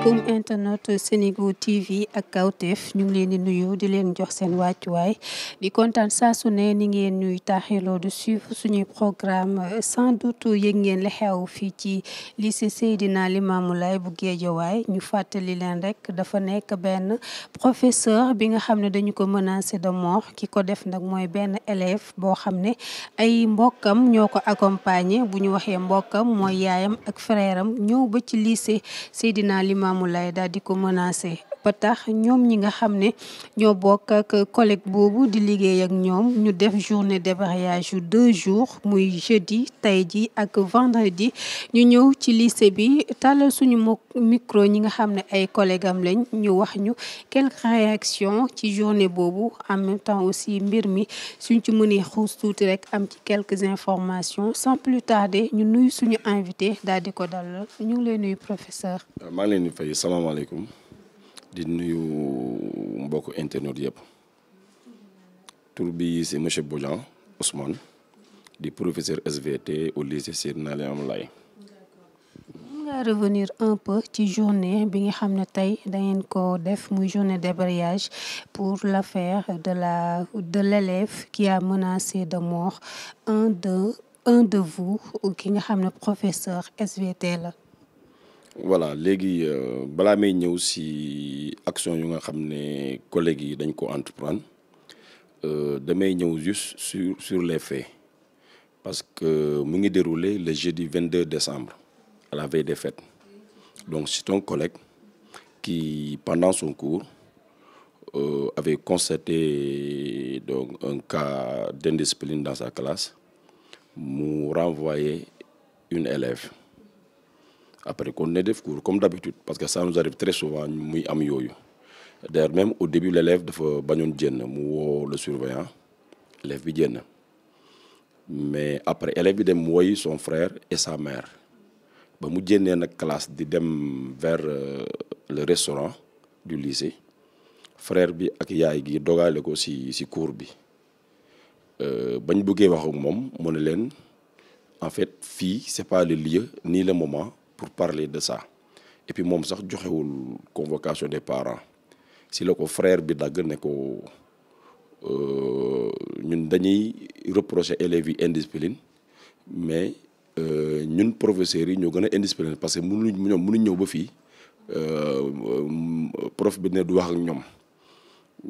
asalaamaaleykum internet Sénégo TV ak Kawtef ñu ngi leen di nuyu di leen jox seen wàccuwaay di kontaan saa su ne ni ngeen ñuy taaxiloo di suivre suñuy programme sans doute yëg ngeen li xew fii ci lycée Seydina Limamou Laye bu Guédiawaye ñu fàttali leen rek dafa nekk benn professeur bi nga xam ne dañu ko menacé de mort ki ko def nag mooy benn élève boo xam ne ay mbokkam ñoo ko accompagner bu ñu waxee mbokkam mooy yaayam ak frère ñëw ba ci lycée Seydina Limamou Laye daal di ko menacé ba tax ñoom ñi nga xam ne ñoo bokk ak collègue boobu di liggéey ak ñoom ñu def journée débrayage yu deux jours muy jeudi tey ji ak vendredi ñu ñëw ci lycée bi tàllal suñu micro ñi nga xam ne ay collègue lañ ñu wax ñu quelques réactions ci journée boobu en même temps aussi mbir mi suñ ci mënee xuus tuuti rek am ci quelque information sans plus tarder ñu nuyu suñu invité daal di ko dalal ñu ngi lay nuyu professeur. maa ngi leen di fay salaamaaleykum. di nuyu mbokk internet yëpp tur bi c'est monsieur Bodian di professeur SVT au lycée Seydina Limamou Laye. mun ngaa revenir un peu ci journée bi nga xam ne tey dangeen ko def muy journée débariage pour l'affaire de la de l'élève qui a menacé de mort un de un de vous ki nga xam ne professeur SVT la. voilà léegi euh, balaa may ñëw si action yu nga xam ne collègues yi dañ ko entreprendre euh, damay ñëw juste sur sur les faits parce que euh, mu ngi déroulé le jeudi 22 décembre à la veille des fêtes donc c'est un collègue qui pendant son cours euh, avait constaté donc un cas d'indiscipline dans sa classe mu renvoyé une élève après kon ne def cours comme d'habitude parce que ça nous arrive très souvent muy am yooyu d'ailleurs même au début l'élève dafa bañoon jénn mu woo le surveillant l'élève bi jénn mais après élève bi dem wooyi son frère et sa mère ba mu jénnee nag classe di dem vers euh, le restaurant du lycée frère bi ak yaay gi dogaale ko ci ci cours bi euh, bañ bëggee wax ak moom mu ne leen en fait fii c'est pas le lieu nii le moment pour parler de ça et moom sax joxewul convocation des parent si la ko frère bi dagg ne ko euh, ñun dañuy reprocher élèves yi indiscipline mais euh, ñun professeurs yi ñoo gën a indiscipliné parce que mënuñ ñoom mënuñ ñëw ba fii euh, prof bi ne du wax ak ñoom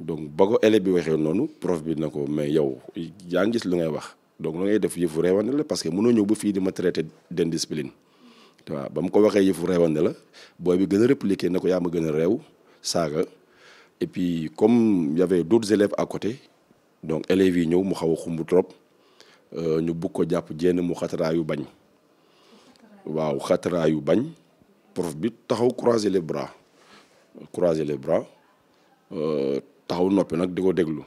donc ba ko élève bi waxee noonu prof bi ne ko mais yow yaa ngi gis lu ngay wax donc lu ngay def yëfu reewane la parce que mënoo ñëw ba fii di ma traité d'indiscipline waaw ba mu ko waxee yëfu réewande la booy bi gën a répliqué na ko yaa ma gën a réew saaga et puis comme y avait d'autres élèves à côté donc élèves yi ñëw mu xaw a xumb trop euh, ñu bugg ko jàpp jénn mu xataraayu bañ waaw xataraayu bañ prof bi taxaw croiser les bras croiser les bras euh, taxaw noppi nag di ko déglu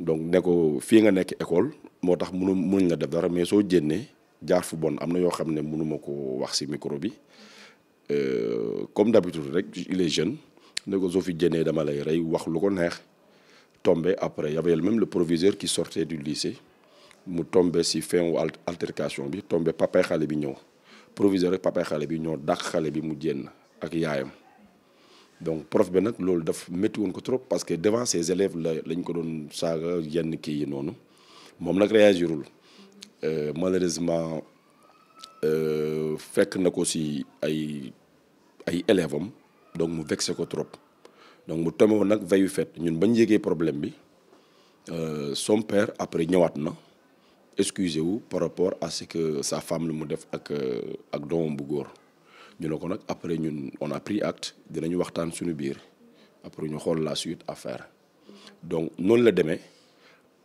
donc ne ko fii nga nekk école moo tax mënu mënuñ la def dara mais soo jénnee jaar fu bon am na yoo xam ne mënuma ko wax ci micro bi euh, comme d'habitude rek il est jeune ne ko soo fi jënee dama lay rey wax lu ko neex tombe après y avait même le proviseur qui sortait du lycée mu tombé ci fin wu altercation bi tombé papay xale bi ñëw proviseur rek papay xale bi ñëw dàq xale bi mu génn ak yaayam donc prof bi nag loolu daf métti woon ko trop parce que devant ses élèves la lañ ko doon saaga yenn kii yi noonu moom nag réagirul Euh, malheureusement euh, fekk na ko si ay ay élèves donc mu vexé ko trop donc mu tombé nag veyu fête ñun bañ yégee problème bi euh, son père après ñëwaat na excusé wu par rapport à ce que sa femme lu mu def ak ak doomam bu góor ñu ne ko nag après ñun on a pris acte dinañu waxtaan suñu biir après ñu xool la suite affaire donc noonu la demee.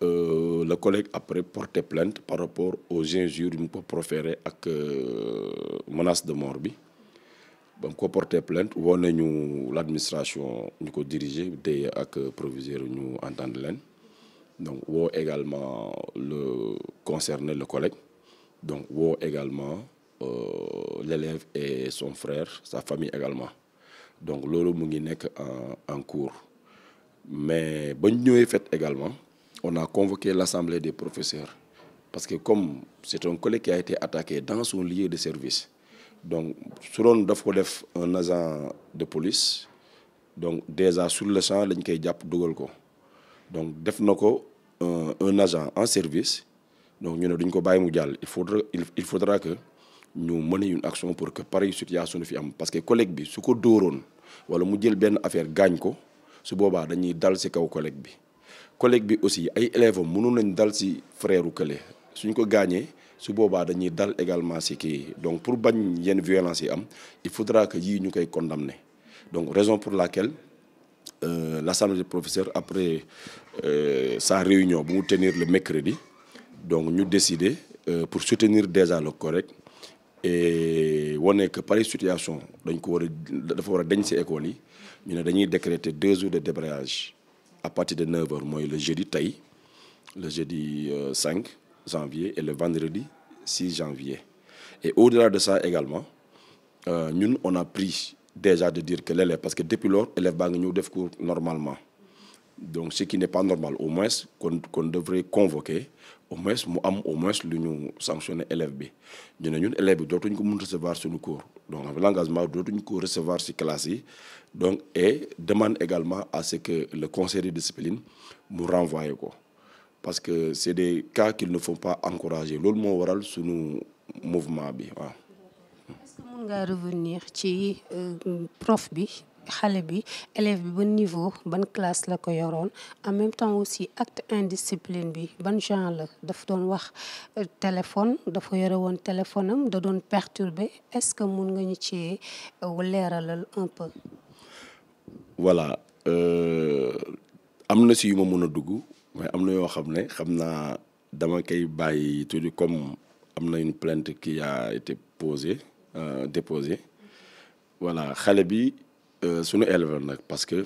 Euh, le collègue après porté plainte par rapport aux injures yu mu ko proféré ak euh, menace de mort bi ba mu ko porté plainte woo nañu l'administration ñu ko diriger DEA ak proviseur ñu entendre leen donc woo également le concerné le collègue donc woo également euh, l'élève et son frère sa famille également donc loolu mu ngi nekk en en mais ba ñu ñëwee fête également on a convoqué l'assemblée des professeur parce que comme c'est un collègue a été attaqué dans son de service donc su doon daf def un agent de police donc déjà sur le champ lañ koy jàpp dugal ko donc def na ko euh, un agent en service donc ñu ne duñ ko bàyyi mu jàll il faudra il faudra que ñu mener une action pour que pareille situation du fi am parce que collègue bi su ko dóoroon wala mu jël benn affaire gaañ ko su boobaa dañuy dal ci kaw collègue bi collègue bi aussi ay élèves am mënu nañ dal si frère u kële suñ ko gaañee su boobaa dañuy dal également si kii donc pour bañ yenn violence yi am il faudra que yii ñu koy condamner donc raison pour laquelle euh, l'assemblée des professeurs après euh, sa réunion bu mu tenir le mercredi donc ñu décider euh, pour soutenir déjà le correct et wane que pareille situation dañ ko war a dafa war a deñ si école yi ñu ne dañuy décréter deux jours de débrayage à partir de 9h mooy le jeudi tey le jeudi 5 euh, janvier et le vendredi 6 janvier et au-delà de ça également euh, ñun on a pris déjà de dire que l'élève parce que depuis lors élève baa ngi ñëw def cours normalement donc ce qui n'est pas normal au moins qu'on qu'on devrait convoquer au moins mu am au moins lu ñu sanctionné élève bi ñu ne ñun élève bi dootuñ ko mun recevoir suñu cours donc l'engagement dootuñu ko recevoir ci classe yi donc et demande également à ce que le conseil de discipline mu renvoyé ko parce que c'est des cas qu'il ne faut pas encourager loolu moo waral suñu mouvement bi waaw. est-ce revenir ci euh, prof bi xale bi élève bi ban niveau ban classe la ko yoroon en même temps aussi acte indiscipline bi ban genre la daf doon wax euh, téléphone dafa yore woon téléphone am da doon perturbé est-ce que mun nga ñu ci euh, leeralal un euh, am na si yu ma mën a dugg mais am na yoo xam ne xam naa dama koy bàyyi tuuti comme am na une plainte qui a été posée euh, déposée xale bi. Euh, suñu élève la nag parce que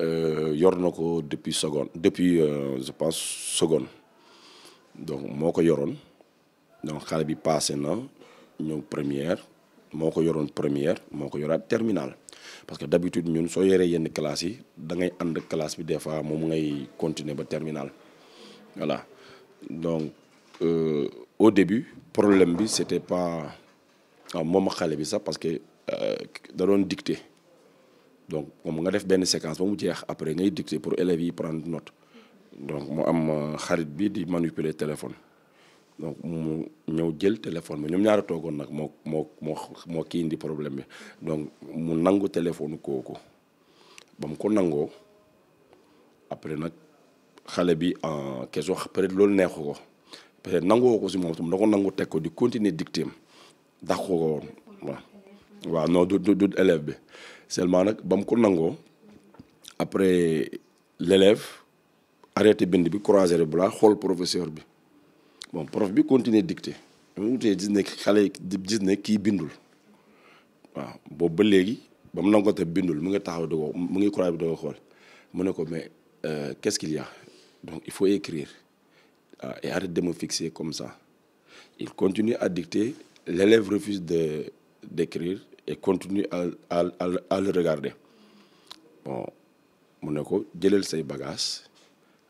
euh, yor na ko depuis seconde depuis euh, je pense seconde donc moo ko yoroon donc xale bi passé na ñëw première moo ko yoroon première moo ko yoraat terminal parce que d'habitude ñun soo yoree yenn classes yi da ngay ànd classe bi des fois moom ngay continuer ba terminale voilà donc euh, début problème bi c'était pas waaw ah, moom a xale bi sax parce que da doon dicté donc moom nga def benn séquence ba mu jeex après ngay dicter pour élèves yi prendre note donc mu am euh, xarit bi di manipuler téléphone donc mu ñëw jël téléphone bi ñoom ñaara toogoon nag moo moo moo moo kii ndi problème bi donc mu nangu téléphone kooku ba mu ko nangoo après nag xale bi en question peut-être loolu neexu ko peut-être nangoo ko si moom tam da ko nangu teg ko di continuer dicté am dàq ko woon waaw waaw du du du élève bi seulement nag ba mu ko nangoo après l'élève arrêté bind bi croisé bu laa xool professeur bi bon prof bi continuer dicté mu wutee ne xale gis ne kii bindul waaw boobu ba léegi ba mu bindul mu ngi taxaw di mu ngi croisé bi xool mu ne ko mais euh, quest a donc il faut écrire ah et arrête de comme ça il à dicter l'élève refuse de d'écrire et continue à à à, à le regarder bon mu ne ko jëlal say bagages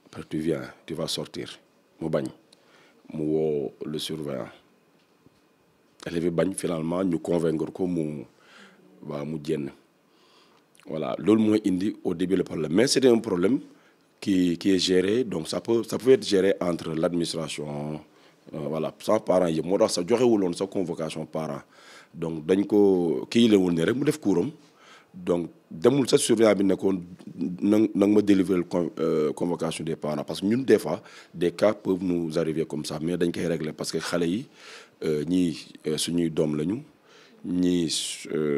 après tu viens tu vas sortir mu bañ mu woo le surveillant élève bi bañ finalement ñu convaincre ko mu waa mu génn voilà loolu mooy indi au début le problème mais c'était un problème qui qui est géré donc ça peut ça géré entre l'administration Euh, voilà sans parents yëpp moo tax sa joxewuloon sa convocation parents donc dañ ko kii la wu ne rek mu def kuuram donc demul sa surveillant bi nekkoon na nga ma délivrer euh, convocation des parents parce que ñun des fois des cas peuvent nous arriver comme sax mais dañ koy régler parce que xale yi euh, ñii suñuy doom lañu ñii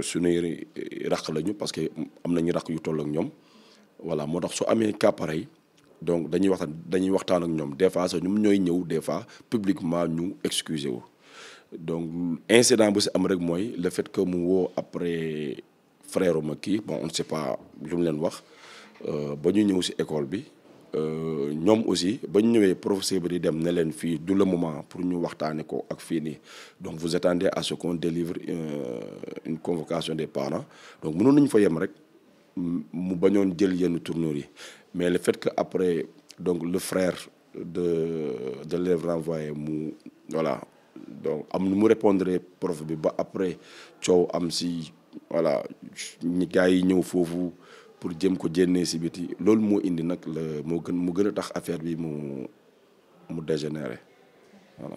suñuy raq lañu parce que am nañu raq yu toll ak ñoom voilà moo tax su amee cas yi donc dañuy waxtaan dañuy waxtaan ak ñoom des fois sax ñoom ñooy ñëw des fois publiquement ñu excuser wu donc incident bu si am rek mooy le fait que mu woo après frère ma kii bon on ne pas lu leen wax euh, ba ñu ñëw si école bi euh, ñoom aussi ba ñu ñëwee professeur bi di dem ne leen fii du le moment pour ñu waxtaanee ko ak fii nii donc vous attendez à ce qu'on délivre euh, une convocation des parents donc mënoon nañu fa yem rek. mu bañoon jël yenn tournoi yi mais le fait que après donc le fraire de de l'élève renvoyé mu voilà donc am nu mu répondre prof bi ba après coow am si voilà ñi gars yi ñëw foofu pour jëm ko jénnee si biti loolu moo indi nag la moo gën mu gën a tax affaire bi mu mu dégénéré voilà.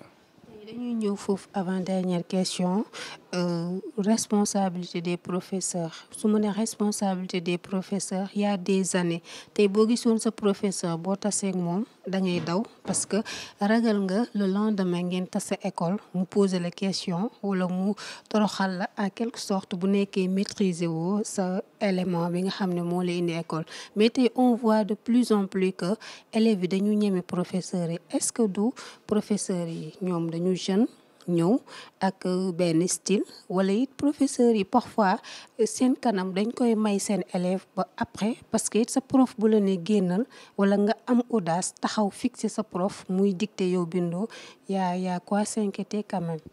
dañuy ñëw foofu avant dernière question Euh, responsabilité des professeurs su ma nee responsabilité des professeurs ya des années tey boo gisoon sa professeur boo taseeg moom da daw parce que ragal nga le lendemain ngeen sa école mu poser la question wala mu toroxal la en quelque sorte bu nekkee maitriser woo sa élément bi nga xam ne moo lay indi école mais tey on voit de plus en plus que élèves yi dañu ñeme professeurs yi est-ce que du professeurs yi ñoom dañu jeune ñëw ak euh, benn style wala it professeur yi parfois euh, seen kanam dañ koy may seen élève ba après parce que it sa prof bu la ne génnal wala nga am audace taxaw fixé sa prof muy dicté yow bindoo yaa yaa quoi s'inquiéter quand même.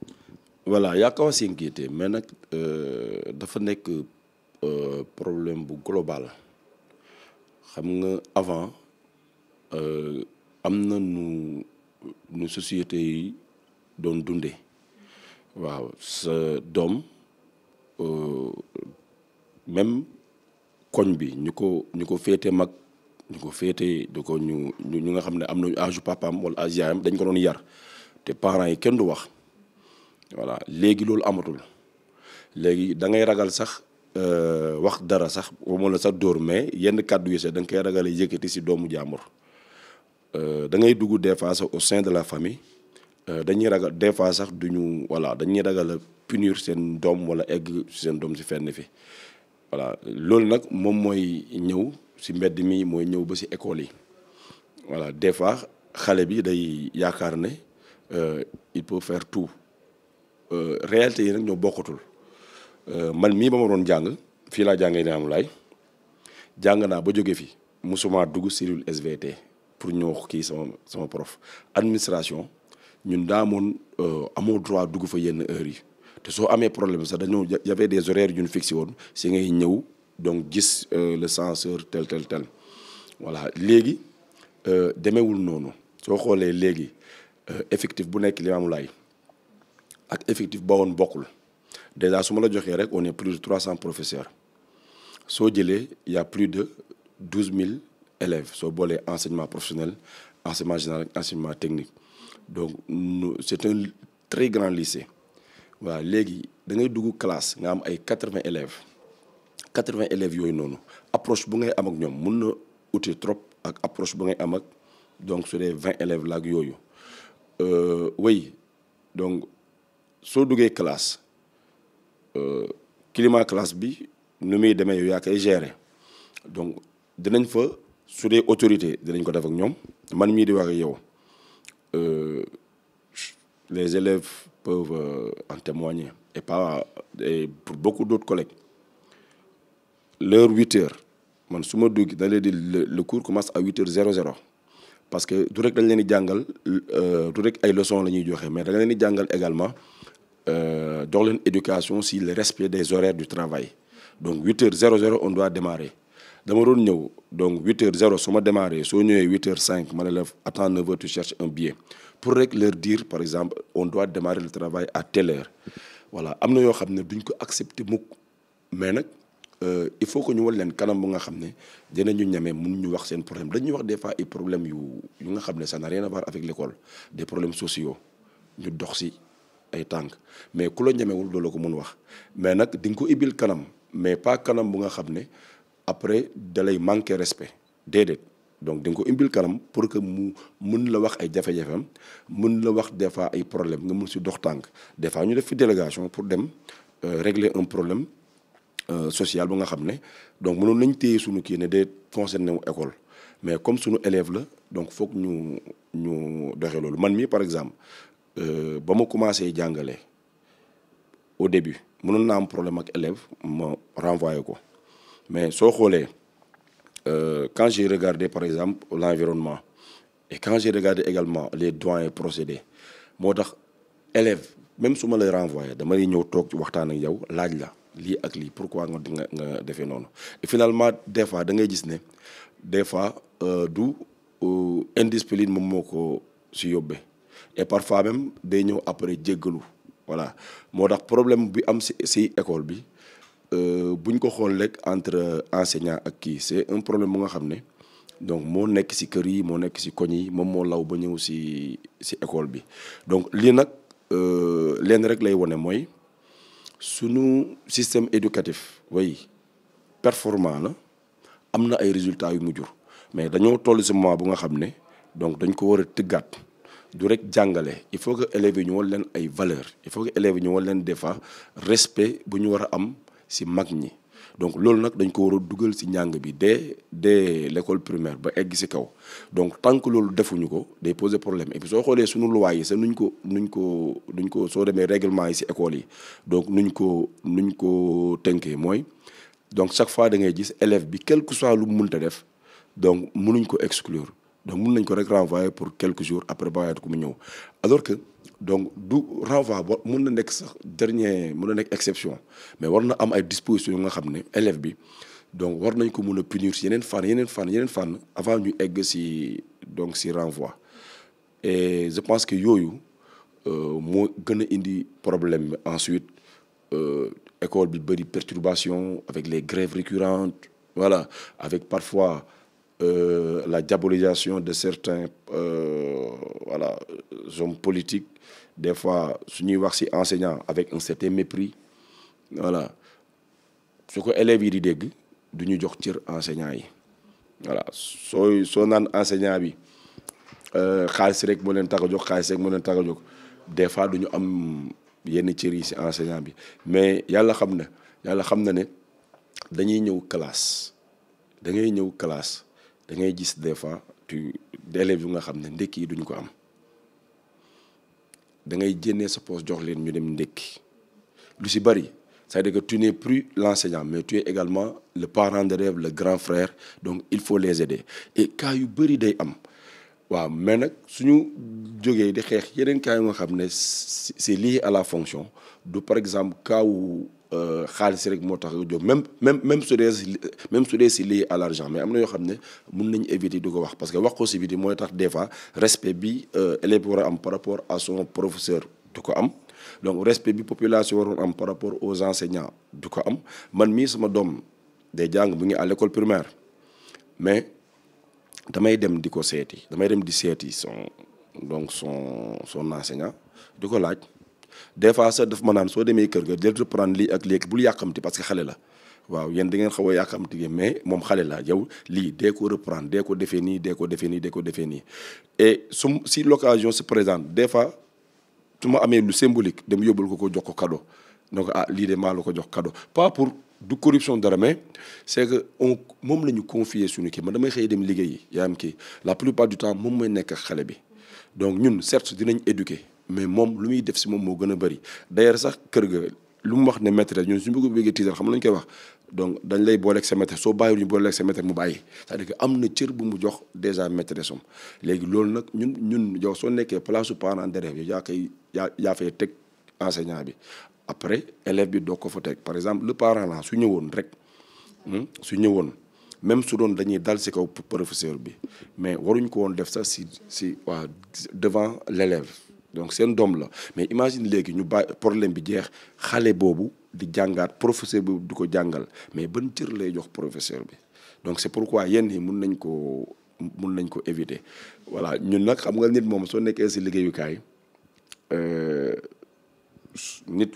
voilà yaa quoi s'inquiéter mais nag euh, dafa nekk problème bu global xam nga avant am na nu nu société yi doon dundee waaw sa doom euh, même koñ bi ñu ko ñu ko féete mag ñu ko féete du ko ñu ñu nga xam ne am na nañu âge papaam wala âge yaayam dañ ko doon yar te parents yi kenn du wax voilà léegi loolu amatul léegi da ngay ragal sax euh, wax dara sax wama la sax dóor mais yenn kàddu yi sax da nga koy ragale yëkkati si doomu jàmbur euh, da ngay dugg des fois au sein de la famille Euh, dañuy ragal des fois sax duñu voilà dañuy ragal punir seen doom wala egg seen doom si fenn fi voilà loolu nag moom mooy ñëw si mbedd mi mooy ñëw ba si école yi voilà des fois xale bi day yaakaar ne euh, il peut faire tout euh, réalité yi nag ñoo bokkatul man mii ba ma doon jàng fii laa jàngee ne am laay jàng naa ba jóge fi musuma dugg cellule SVT pour ñëw kii sama sama prof administration ñun daa amoon euh, amoo droit dugg fa yenn heures yi te soo amee problème sax dañoo y avait des horaires yu ñu fixé woon si ngay ñëw donc gis euh, le censeur tel tel tel voilà léegi euh, demeewul noonu soo xoolee léegi effectif bu nekk Limamoulaye ak effectif ba woon bokkul déjà su ma la joxee rek on est plus de 300 professeurs soo jëlee y a plus de 12 000 élèves soo boolee enseignement professionnel enseignement général enseignement technique. donc c'est un très grand lycée waaw léegi da ngay dugg classe nga am ay quatre-vingts élèves quatre-vingts élèves yooyu noonu approche bu nga am ak ñoom mun na ute trop ak approche bu ngay am ak donc su dee vingt élèves la ak yooyu euh, oui donc soo duggee classe euh, climat classe bi nu muy demee yow yaa koy gérer donc dinañ fa su dee autorité dinañ ko def ak ñoom man mii di wax ak yow. euh, les élèves peuvent euh, en témoigner, et, pas, et pour beaucoup d'autres collègues. L'heure 8 man su ma dugg da leen di le cours commence à 8 heures 00 parce que du rek dañ leen di jàngal euh, du rek ay leçons la ñuy joxe mais da leen di jàngal également euh, jox leen éducation si le respect des horaires du travail donc 8 heures 00 on doit démarrer. dama doon ñëw donc huit heures zéro su ma démarré soo ñëwee huit cinq ma ne la attends neuf heures tu cherches un billet pour rek leur dire par exemple on doit démarrer le travail à telle heure voilà am na yoo xam ne duñ ko accepter muk mais nag Euh, il faut que ñu wal leen kanam bu nga xam ne dinañu ñeme mun ñu wax seen problème dañuy wax des fois ay problèmes yu nga xam ne ça n'a rien à voir avec l'école des problèmes sociaux ñu dox si ay tànk mais ku la ñemewul doo la ko mun wax mais nag di nga ko ibil kanam mais pas kanam bu nga xam ne après dalay manquer respect déedéet donc di ko imbil kanam pour que mu mun la wax ay jafe-jafeem mën la wax des fois ay problème nga mun si dox tànk des fois ñu def fi délégation pour dem euh, régler un problème euh, sociale ba nga xam ne donc mënoon nañ téye suñu kii ne dee concerné wu école mais comme suñu élève la donc foog ñu ñu doxee loolu man mii par exemple euh, ba ma commencé jàngale au début mënoon naa am problème ak élève ma renvoyé ko mais soo xoolee euh, quand j'ai regardé par exemple l'environnement et quand j'ai regardé également les doyens procédés moo tax élèves même su ma la renvoyé dama lay ñëw toog waxtaan ak yow laaj la lii ak lii pourquoi nga nga nga defee noonu finalement des fois dangay gis ne des fois euh, du euh, indiscipline moom moo ko si yóbbee et parfois même day ñëw après jéggalu voilà moo tax problème bi am si si école bi Euh, bu ñu ko xool rek entre enseignant ak kii c'est un problème bu nga xam ne donc moo nekk ci kër yi moo nekk ci koñ yi moom moo law ba ñëw si ci école bi donc lii nag euh, leen rek lay wone mooy sunu système éducatif way performant la am na ay résultats yu mu jur mais dañoo toll si moment bu nga xam ne donc dañ ko war a tëggaat du rek jàngale il faut que élèves yi ñu war leen ay valeurs il faut que élèves yi ñu war leen des fois respect bu ñu war a am. si mag ñi donc loolu nag dañ ko war a dugal si njàng bi dès dès l'école primaire ba egg si kaw donc tant loolu defuñu ko day poser problème et soo xoolee suñu loi yi sax nuñ ko nuñ ko nuñ ko soo demee réglement yi si école yi donc nuñ ko nuñ ko tënkee mooy donc chaque fois da ngay gis élève bi quelque que soit lu mu mënta def donc mënuñ ko exclure donc mun nañ ko rek renvoyer pour quelques jours après bàyyiwaat ko mu ñëw alors que donc du renvoi ba mun na nekk sax dernier mun na nekk exception mais war na am ay dispositions yu nga xam ne élève bi donc war nañ ko mu a punir si yeneen fànn yeneen fànn yeneen fànn avant ñu egg si donc si renvoi et je pense que yooyu euh, moo gën a indi problème ensuite euh, école bi bëri perturbation avec les grèves récurrentes voilà avec parfois euh, la diabolisation de certains euh, voilà hommes politiques des fois suñuy wax ci enseignant avec un certain mépris voilà su ko élèves yi di dégg du ñu jox cër enseignant yi voilà sooy soo naan enseignant bi euh, xaalis rek moo leen tax a jóg xaalis rek moo leen tax des fois du ñu am yenn cër yi ci enseignant bi mais yàlla xam na yàlla xam na ne dañuy ñëw classe da ngay ñëw classe da ngay gis des fois tu élèves yu nga xam ne ndekki duñu ko am da ngay jénnee sa poste jox leen ñu dem ndékki lu si bëri c'est-à-dire que tu n'es plus l'enseignant mais tu es également le parent de rêve le grand frère donc il faut les aider et cas yu bëri day am waaw mais nag suñu jógee di xeex yeneen cas yu nga xam ne c'est lii à la fonction du par exemple cas wu Euh, xaalis rek moo tax jóg même même même su dee si même su dee si lié à l'argent mais am na yoo xam ne mun nañ éviter du ko wax parce que wax ko si biti mooy tax des fois respect bi élève war a am par rapport à son professeur du ko am donc respect bi population waroon am par rapport aux enseignants du ko am man mii sama doom day jàng mu ngi à l'école primaire mais damay dem di ko seeti damay dem di seeti son donc son son enseignant di ko laaj des fois daf ma naan soo demee kër nga del reprendre lii ak léegi bul yàqamti parce que xale la waaw yéen di ngeen xaw a yàqamti mais moom xale la yow lii dee ko reprendre dee ko defee nii dee ko defee nii dee ko defee nii et su si l'occasion se présente des fois su ma amee lu symbolique dem yóbbul ko ko jox ko kado donc ah lii de maa la ko jox kado pas pour du corruption dara mais c'est que on moom la ñu confier suñu kii ma damay xëy dem liggéeyi yaa ki kii la plupart du temps moom mooy nekk xale bi donc ñun certes dinañ éduquer mais moom lu muy def si moom moo gën a bëri d'ailleurs sax kër ga lu mu wax ne maîtresse ñun suñu bëgg bëggee xam lañu koy wax donc dañ lay booleeg sa maîtresse soo bàyyiwul ñu booleeg sa maîtresse mu bàyyi cest à que am na cër bu mu jox déjà maîtresse am léegi loolu nag ñun ñun yow soo nekkee place su parent d'élève yow yaa koy yaa yaa fay teg enseignant bi après élève bi doo ko fa teg par exemple le parent là su ñëwoon rek hmm, su ñëwoon même su doon dañuy dal si kaw professeur bi mais waruñ ko woon def sax si si waa devant l'élève donc seen doom la mais imagine léegi ñu bàyyi problème bi jeex xale boobu di jàngaat professeur bi du ko jàngal mais ban cër lay jox professeur bi donc c'est pourquoi yenn yi mun nañ koo mun nañ ko éviter voilà ñun nag xam nga nit moom soo nekkee si liggéeyukaay euh, nit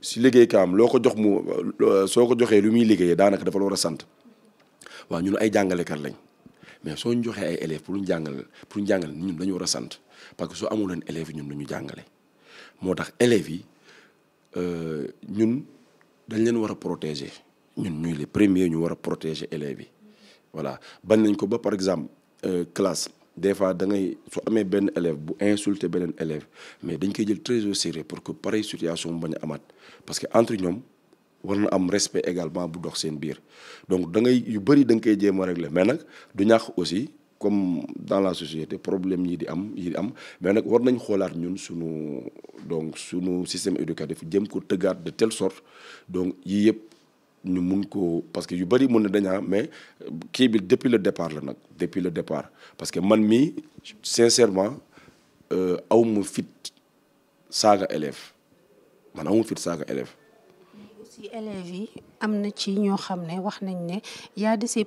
si liggéey liggéeykaam loo ko jox mu soo ko joxee lu muy liggéeyee daanaka dafa la war a sant waaw ñun ay jàngalekat lañ mais soo ñu joxee ay élèves pour ñu jàngal pour ñu jàngale ñun dañu war sant parce que soo amul leen élèves ñun duñu jàngale moo tax élèves yi euh, ñun dañ leen war a protéger ñun ñuy les premier ñu war a protéger élèves yi voilà bañ nañ ko ba par exemple euh, classe des fois da ngay su amee benn élève bu insulté beneen élève mais dañ koy jël très au sérieux pour que pareille situation bañ a amaat parce que entre ñoom. war na am respect également bu dox seen biir donc da ngay yu bëri da nga koy jéem a régler mais nag du ñàkk aussi comme dans la société problème yi di am yi di am mais nag war nañ xoolaat ñun suñu donc sunu système éducatif jëm ko tëggaat de telle sorte donc yii yëpp ñu mun ko parce que yu bëri mun na dañaa mais kii bi depuis le départ la nag depuis le départ parce que man mii sincèrement euh, aw ma fit saaga élève man aw ma élève si élèves yi am na ci ñoo xam ne wax nañ ne yaa a de ces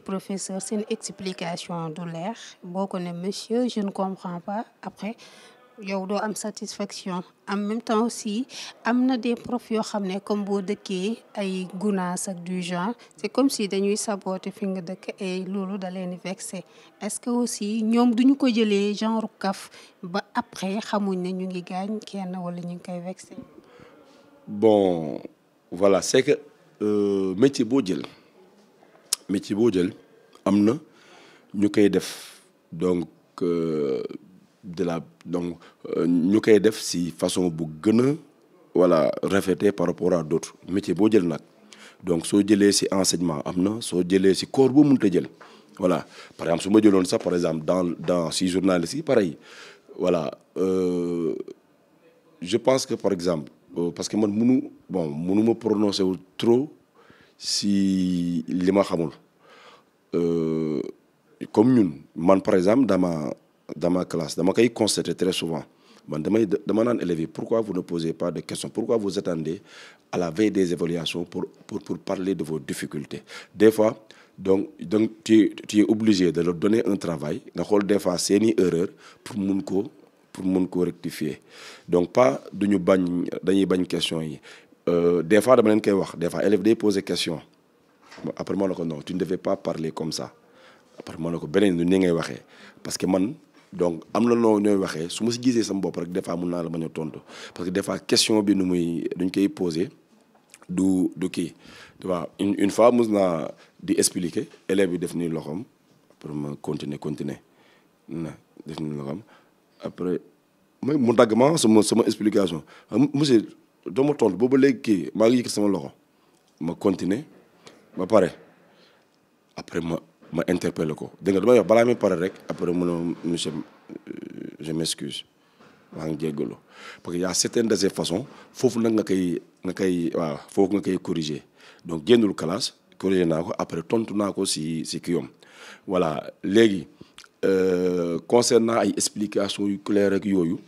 seen explication du leer boo ko ne monsieur je ne ba après yow doo am satisfaction en même temps aussi am na des profs yoo xam ne comme boo dëkkee ay gunaas ak du genre comme si dañuy saboter fi nga dëkk loolu da leen vexé est-ce que aussi ñoom duñu ko jëlee genre kaf ba après xamuñ ne ñu ngi gaañ kenn wala ñu ngi koy vexé bon voilà c'est que euh, métier boo jël métier boo jël am na ñu koy def donc euh, de la donc euh, ñu koy def si façon bu gën a voilà rafetee par rapport a d'autres métier boo jël nag donc soo jëlee si enseignement am na soo jëlee si corps boo mënta jël voilà par exemple su ma jëloon sax par exemple dans dans si journaliste yi pareil voilà euh, je pense que par exemple Euh, parce que man munu bon munu ma prononcé wu trop si li ma xamul euh, comme ñun man par exemple dans ma dans ma classe dama koy constater très souvent man damay dama naan élèves yi pourquoi vous ne posez pas de questions pourquoi vous attendez à la veille des évaluations pour pour pour parler de vos difficultés des fois donc donc tu tu es obligé de leur donner un travail nga xool des fois seeni erreur pour mun ko. pour mun koo rectifier donc pas du ñu bañ dañuy bañ question yi euh, des fois dama leen koy wax des fois élève day poser question après ma ne ko non tu ne devais pas parler comme ça après ma ne ko beneen du ni ngay waxee parce que man donc am na loo ñooy waxee su ma si gisee sama bopp rek defaa mun naa la bañ a tontu parce que des fois question bi nu muy duñ koy poser du du kii waa vois une fois mos naa di expliquer élève yi def nii loxoom pour ma continuer continuer na def ni loxoom. après mooy mu dagg ma sama sama explication monsieur doo ma tontu boobu léegi kii maa ngi yëkkati sama loxo ma continuer ba pare après ma ma interpellé ko dégg nga damay wax balaa pare rek après mu ne monsieur euh, je m'excuse maa ngi jéggalu parce que y a certaines de ces façons foofu nag nga koy nga koy waaw foofu nga koy corriger donc génnul classe corriger naa ko après tontu naa ko si si kii yom voilà léegi. Euh, concernant ay explications yu claires ak yooyu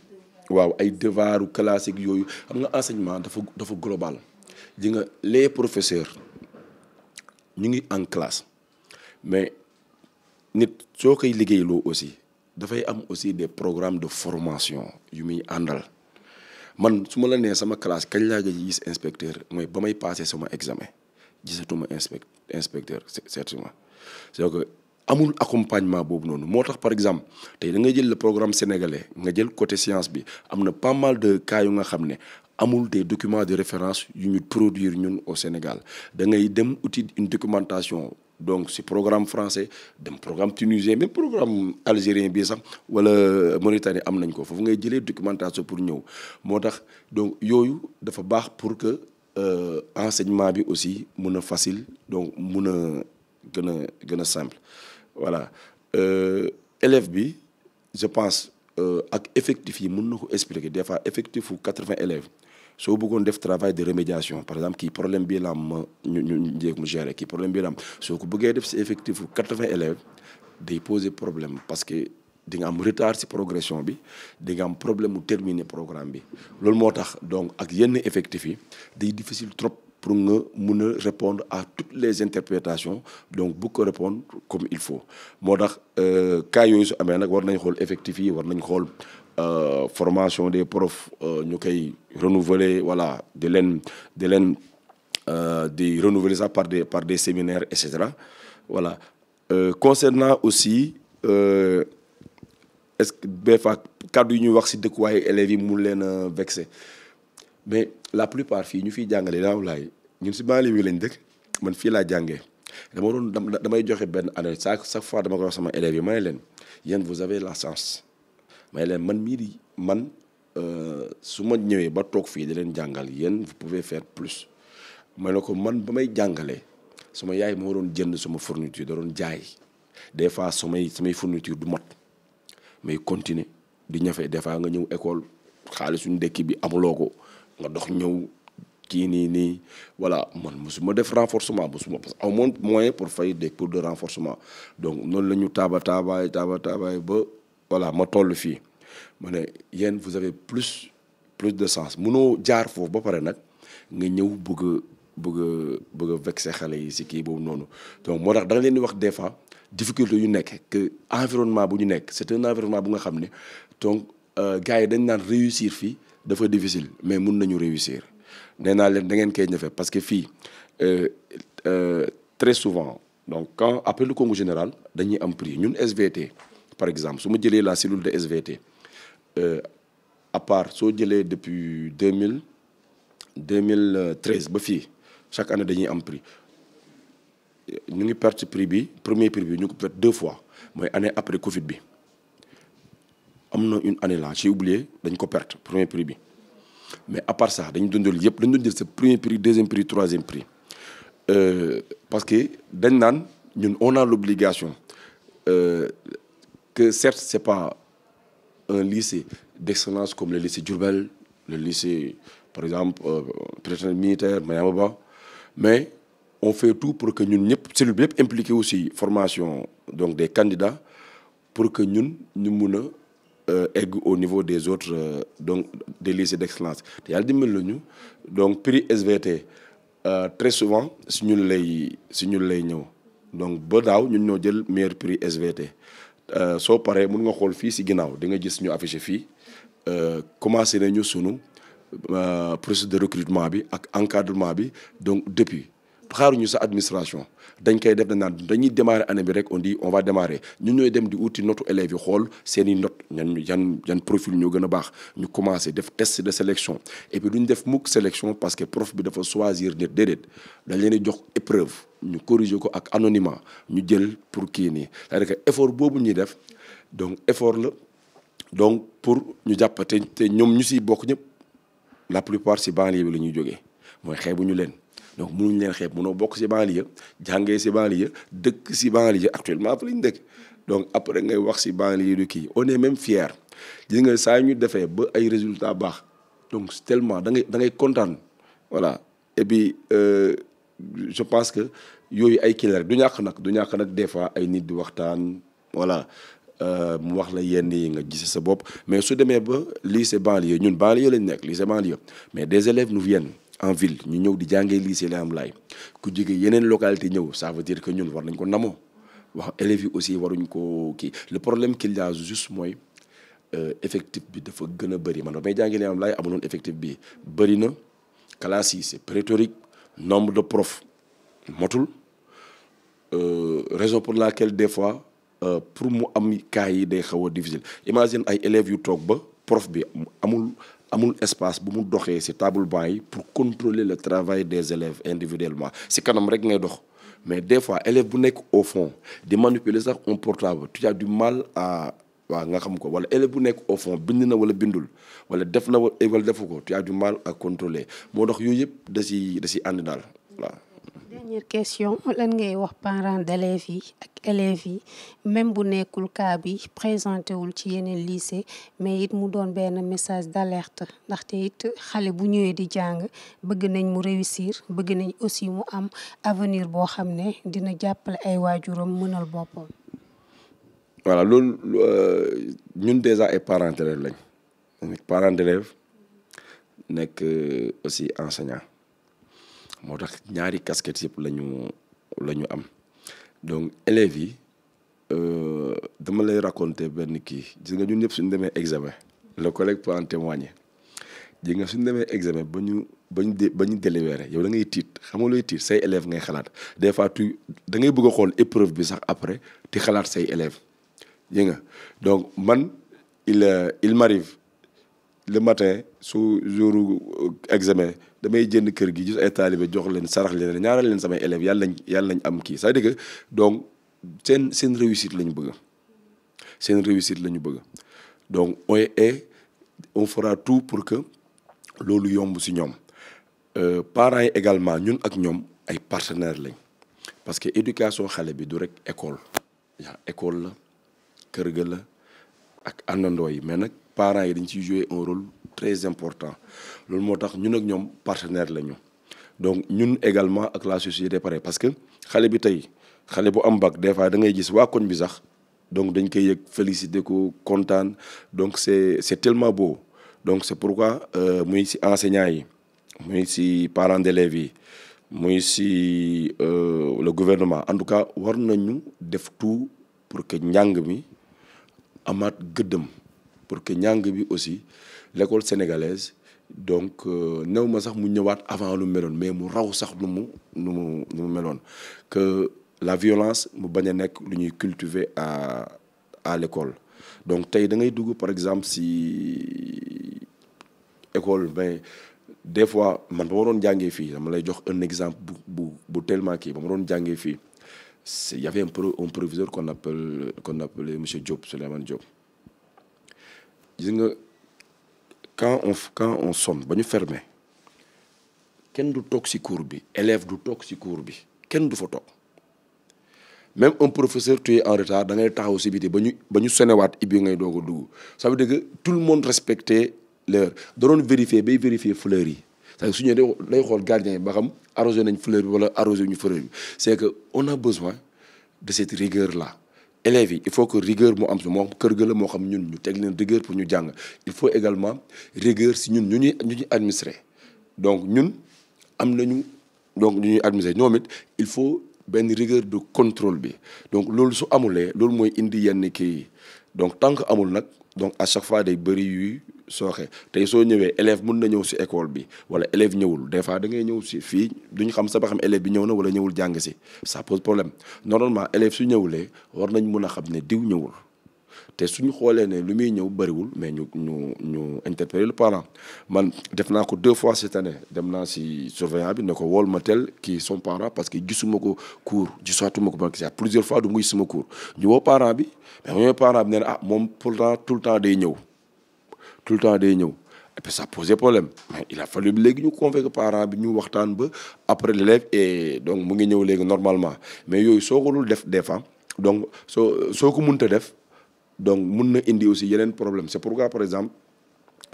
waaw ay devoiru classique yooyu xam nga enseignement dafa dafa global ji nga les professeurs ñu ngi en classe mais nit soo koy liggéeyloo aussi dafay am aussi des programme de formation yu muy àndal man su ma la nee sama classe kañ laa gëj gis inspecteur mooy ba may passé sama examen gisatuma inspect inspecteur certainement c'est amul accompagnement boobu noonu moo tax par exemple tey dangay nga jël le programme sénégalais nga jël côté science bi am na pas mal de cas nga xam ne amul des documents de référence yu ñu produire ñun au Sénégal da ngay dem outil une documentation donc si programme français dem programme tunisien même programme algérien bi sax wala Mauritanie am nañ ko foofu ngay jëlee documentation pour ñëw moo tax donc yooyu dafa baax pour que euh, enseignement bi aussi mun a facile donc mun a gën a gën a simple voilà euh, élève bi je pense euh, ak effectif yi mun na ko expliquer des fois effectif fu quatre-vingts élèves soo bëggoon def travail de remédiation par exemple kii problème bii la am ma ñu ñu jéeg mu gérer kii problème bii la soo ko buggee def si effectif fu quatre-vingts élèves day poser problème parce que di nga am retard si progression bi dinga am problème mu terminer programme bi loolu moo tax donc ak yenn effectif yi day difficile trop. pour nga mun a répondre à toutes les interprétations donc bu ko répondre comme il faut moo tax euh, cas yooyu su amee nag war nañ xool effectif yi war nañ xool euh, formation des profs euh, ñu koy renouveler voilà di leen di leen di renouveler ça par des par des séminaires et cetera voilà concernant aussi est-ce que des fois kàddu yi ñuy wax ci dëkkuwaayu élèves yi mun leen a mais la plupart fii ñu fiy jàngale daaw laay ñun si banlieue bi lañ dëkk man fii laa jàngee dama doon damay joxe benn année chaque chaque fois dama ko wax sama élèves yi ma leen yéen vous avez la chance ma leen man mii di man euh, su ma ñëwee ba toog fii di leen jàngal yéen vous pouvez faire plus ma ne ko man ba may jàngalee sama yaay moo doon jënd sama fourniture da doon jaay des fois samay samay fourniture du mat may continuer di ñafe des fois nga ñëw école xaalisuñu dëkk bi amuloo ko. nga dox ñëw kii nii nii voilà man ma def renforcement mosuma parce que aw moon moyen pour fay des cours de renforcement donc noonu la ñu taaba taabaay taaba taabaay ba voilà ma toll fii ma ne yéen vous avez plus plus de sens mënoo jaar foofu ba pare nag nga ñëw bëgg a bëgg a bëgg a xale yi si kii boobu noonu donc moo tax da leen di wax des fois difficulté yu nekk que environnement bu ñu nekk c'est un environnement bu nga xam ne donc euh, gars yi dañ naan réussir fii dafa difficile mais mun nañu réussir nee naa leen da ngeen koy ñëfe parce que fii euh, euh, très souvent donc quand après le concours général dañuy am prix ñun SVT par exemple su ma jëlee la cellule de SVT euh, à part soo jëlee depuis deux mille mille 2013 ba fii chaque année dañuy am prix ñu ngi perte prix bi premier prix bi ñu ko perte deux fois mooy année après Covid bi. am na une année là j'ai oublié dañ ko perte premier prix bi mais à part ça dañu dundal yëpp dañu doon jël sa premier prix deuxième prix troisième prix euh, parce que dañ naan ñun on a l'obligation euh, que certes c'est pas un lycée d'excellence comme le lycée Diourbel le lycée par exemple euh, président militaire Mayamba Ba mais on fait tout pour que ñun ñëpp cellule bi yëpp impliqué aussi formation donc des candidats pour que ñun ñu mun Euh, egg au niveau des autres euh, donc des lycées d'excellence te yàlla dimbali nañu donc prix SVT euh, très souvent si ñun lay su ñun lay ñëw donc ba daaw ñun ñoo jël meilleur prix SVT soo paree mun nga xool fii si ginnaaw di nga gis ñu affiché fii commencé nañu sunu processus de recrutement bi ak encadrement bi donc depuis xaaruñu sa administration dañ koy def dañ naan dañuy démarrer année bi rek on dit on va démarrer ñu ñooy dem di uti notu élèves yi xool seeni i notes ñan yan yan profil ñoo gën a baax ñu commencé def test de sélection et du ñu def mukk sélection parce que prof bi dafa choisir nit déedéet dañ leen di jox épreuve ñu corriger ko ak anonymat ñu jël pour kii nii c'est-à-dire que effort boobu ñuy def donc effort la donc pour ñu jàpp te ñoom ñu si bokk ñëpp la plupart si banlieue bi ñuy jógee mooy xeebuñu leen. donc mënuñ leen xeeb mënoo bokk ci banlieue jàngee ci banlieue dëkk ci banlieue actuellement fa lañ dëkk donc après ngay wax ci banlieue du kii on est même fier gis nga saa ñu defee ba ay résultats baax donc tellement da ngay da ngay kontaan voilà et puis euh, je pense que yooyu ay kii rek du ñàkk nag du ñàkk nag des fois ay nit di waxtaan voilà euh, mu wax la yenn yi nga gise sa bopp mais su demee ba lycée banlieue ñun banlieue lañ nekk lycée banlieue mais des élèves nous viennent en ñu ñëw di jàngee lycée Lamine Laye ku jóge yeneen localité ñëw sa veut dire que ñun war nañ ko namoo wax élèves yi aussi waruñ ko kii le problème qu'il y a mooy euh, effectif bi dafa gën a bëri man ba may jàngee Lamine Laye amuloon effectif bi bëri na classes yi c'est pléthorique nombre de profs motul euh, raison pour laquelle des fois euh, pour mu am cas yi day xaw a difficile imagine ay élèves yu toog ba prof bi amul amul espace bu mu doxee si table banc yi pour contrôler le travail des élèves individuellement si kanam rek ngay dox mais des fois élève bu nekk au fond di manipuler sax un portable tu as du mal à waaw nga xam ko wala élève bu nekk au fond bind na wala bindul wala def na wala defu ko tu as du mal à contrôler moo dox yooyu yëpp da ci da ci ànd daal dernière question lan ngay wax parents d'élèves yi ak élèves yi même bu nekkul cas bi présenté wul ci yeneen lycée mais it mu doon benn message d'alerte ndaxte it xale bu ñëwee di jàng bëgg nañ mu réussir bëgg nañ aussi mu am avenir boo xam ne dina jàppale ay waajuram mënal boppam. voilà loolu euh, ñun déjà ay parents d'élèves lañ parents d'élèves nekk euh, aussi enseignant moo tax ñaari casquette yëpp la ñu la ñu am donc élèves yi euh, dama lay raconter benn kii gis nga jun ñëpp suñ demee examen ko collègue peut en témoigner ji nga suñu demee examen ba ñu ba ñu de ba ñu yow da ngay tiit xam nga looy tiit say élève ngay xalaat des fois tu da ngay bëgg a xool épreuve bi sax après di xalaat say élève yi nga donc man il euh, il le matin su jouru examen damay jënd kër gi gis ay taalibe jox leen sarax leen ñaaral leen samay élèves yàlla nañ am kii c'est-à-dire donc seen seen réussite lañu bëgg seen réussite lañu bëgg donc on est on fera tout pour que loolu yomb si ñoom euh, parents yi également ñun ak ñoom ay partenaires lañ parce que éducation xale bi du rek école yaa école la kër ga la ak àndandoo yi mais nag. parents yi dañ ciy jouer un rôle très important loolu moo tax ñun ak ñoom partenaire la ñu donc ñun également ak la société pare parce que xale bi tey xale bu am bac des fois da ngay gis waa koñ bi sax donc dañ koy yëg félicité ko kontaan donc c'est c'est tellement beau donc c'est pourquoi euh, muy ci enseignants yi muy si parent d'élèves yi muy si euh, le gouvernement en tout cas war nañu def tout pour que njàng mi amaat gëddëm pour que njàng bi aussi lekkool sénégalaise donc euh, new ma sax mu ñëwaat avant lu meloon mais mu raw sax lu mu nu mu nu mu meloon que la violence mu bañ a nekk lu ñuy cultiver à à donc tey da ngay dugg par exemple si école mais des fois man ba ma doon jàngee fii ma lay jox un exemple bu bu bu tellement kii ba ma doon jàngee fii si y avait un pro un proviseur qu'on appelle qu'on appelait monsieur Diop Souleymane Diop. gis nga quand on quand on sonne ba ñu fermer kenn du toog si cours bi élève du toog si cours bi kenn du fa toog même un professeur tu es en retard da ngay taxaw ci biti ba ñu ba ñu sonewaat ibbi ngay doog a dugg ça veut que tout le monde respectait l'heure da doon vérifier bay vérifier fleurs yi cest à su ñu day xool gardien yi ba xam arrosé nañ fleur bi wala arrosé ñu fleur bi c'est que on a besoin de cette rigueur la élèves yi il faut que rigueur mu am si moo kër gë la moo xam ñun ñu teg leen rigueur pour ñu jàng il faut également rigueur si ñun ñu ñuy ñu ñuy donc ñun am nañu donc ñu ñuy administré ñoom it il faut benn rigueur de contrôle bi donc loolu su amulee loolu mooy indi yenn kii yi donc tant que amul nag donc à chaque fois day bëri yuy sooxe tey soo ñëwee élève mun na ñëw si école bi wala élève ñëwul des fois da ngay ñëw si fii duñ xam sa ba xam élève bi ñëw na wala ñëwul jàng si ça pose problème normalement élève su ñëwulee war nañ mun a xam ne diw ñëwul te su ñu xoolee ne lu muy ñëw bëriwul mais ñu ñu ñu interpeller le parent man def naa ko deux fois cette année dem naa si surveillant bi ne ko wool ma tel kii son parent parce que gisuma ko cours gisaatuma ko banque plusieurs fois mu gis sama cours ñu woo parent bi mais ñooy parent bi nee na ah moom pourtant tout le temps day ñëw tout le temps day ñëw et puis ça problème il a fallu léegi ñu convaincre parent bi ñu waxtaan ba après l'élève et donc mu ngi ñëw léegi normalement mais yooyu soo ko dul def des fois donc soo soo ko mënta def donc mun na indi aussi yeneen problème c'est pourquoi par exemple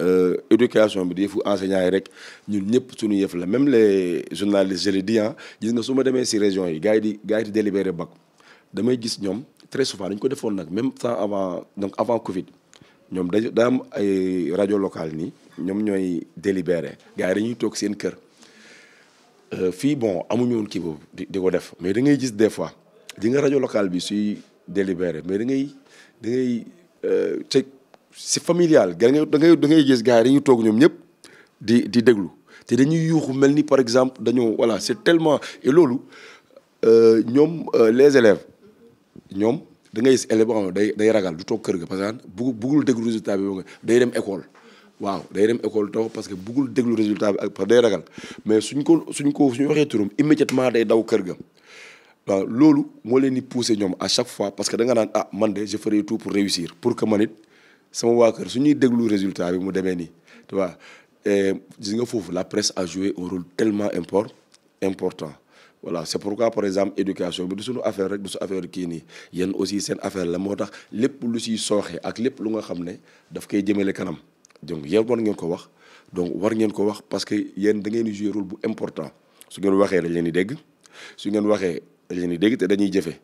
euh, éducation bi di yëfu enseignants yi rek ñun ñëpp suñu yëf la même les journalistes je le dis ah gis nga su demee si région yi gars yi di gars yi di délibéré bac damay gis ñoom très souvent dañ ko defoon nag même temps avant donc avant Covid ñoom da daa am ay rajo locale nii ñoom ñooy délibéré gars yi dañuy toog seen kër euh, fii bon amuñu woon kii boobu di ko def mais da ngay gis des fois di nga rajo locale bi suy délibéré mais da ngay da ngay euh, te si familial da ngay da ngay da ngay gis gars yi dañuy toog ñoom ñëpp di di déglu te dañuy yuuxu mel ni par exemple dañoo voilà c'est tellement et loolu euh, ñoom euh, les élèves ñoom da ngay gis élève xam ne day day ragal du toog kër ga parce que bugg buggul déglu résultat bi day dem école waaw day dem école taw parce que buggul déglu résultat bi ak day ragal mais suñ ko suñ ko suñu waxee turam immédiatement day daw kër ga waaw loolu moo leen di pousser ñoom à chaque fois parce que da nga naan ah man de je ferai tout pour réussir pour que man it sama waa kër su ñuy déglu résultat bi mu demee nii tu vois eh, gis nga foofu la presse a joué un rôle tellement import important voilà c'est pourquoi par exemple éducation bi du suñu affaire rek du su affaire kii nii yéen aussi seen affaire la moo tax lépp lu si soxee ak lépp lu nga xam ne daf koy jëmale kanam donc yéen war ngeen ko wax donc war ngeen ko wax parce que yéen da di jouer bu important su ngeen waxee dañ leen di dégg su ngeen waxee. dañ leen di dégg dañuy jëfe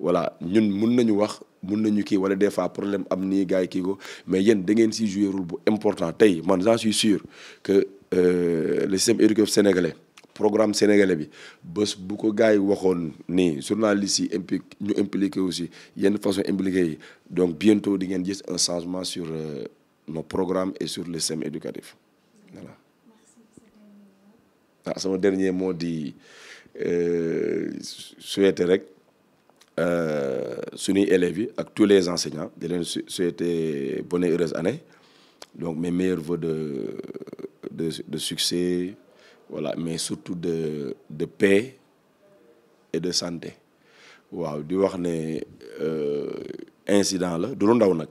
voilà ñun mun nañu wax mun nañu kii wala des fois problème am nii gars yi kii ko mais yéen da ngeen si jouer rôle bu important tey man j'en suis sûr que euh, le système éducatif sénégalais programme sénégalais bi bés bu ko gars yi waxoon ni journalistes yi impliqué ñu impliqué aussi yenn façon impliqué yi donc bientôt di ngeen gis un changement sur euh, programme programmes et sur le système éducatif voilà ah, dernier mot di Euh, souhaiter rek euh, suñuy élèves yi ak tous les enseignants di leen souhaiter bonne et heureuse année donc mes meilleurs vœux de de de succès voilà mais surtout de de paix et de santé waaw di wax ne euh, incident la du lu ndaw nag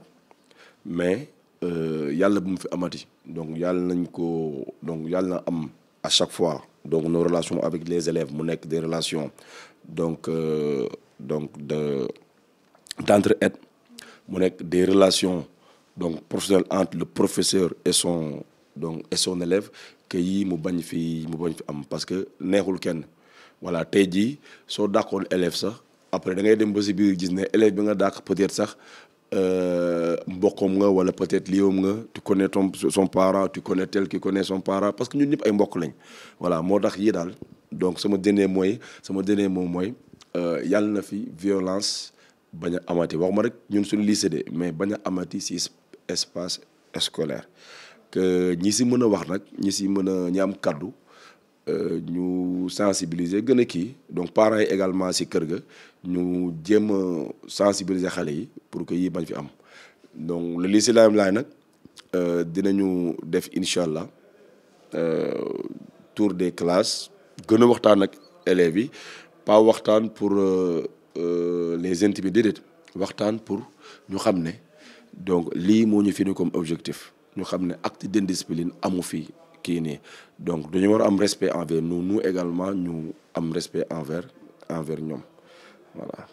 mais yàlla bu mu fi amati donc yàlla nañ ko donc yàlla na am à chaque fois donc nos relation avec les élèves mu nekk des relations donc euh, donc de d'entraide mu nekk des relations donc professionnelles entre le professeur et son donc et son élève yii mu bañ fi mu bañ fi am parce que neexul kenn voilà tey jii soo dàqoon élève sax après da ngay dem ba si biir gis ne élève bi nga dàq peut-être sax Euh, mbokkom nga wala peut-être liom nga tu connais ton son parent tu connais tel qui connaît son parent parce que ñun ñëpp ay mbokk lañ voilà moo tax yi daal donc sama dernier mooy sama dernier moom mooy euh, yàlla na fi violence bañ a amati waxuma rek ñun suñu lycée de mais bañ amati si espace scolaire que ñi si mën a wax nag ñi si mën a ñi am kaddu Euh, ñu sensibiliser gën a kii donc parents yi également si kër ga ñu jéem a sensibiliser xale yi pour que yii bañ fi am donc le lycée Lamine Laye nag euh, dinañu def incha allah euh, tour des classes gën a waxtaan ak élèves yi pas waxtaan pour les intimider déedéet waxtaan pour ñu xam ne donc lii moo ñu fi ni comme objectif ñu xam ne acte d'indiscipline amu fii kii nii donc dañu war a am respect envers nu nous également ñu am respect envers envers ñoom voilà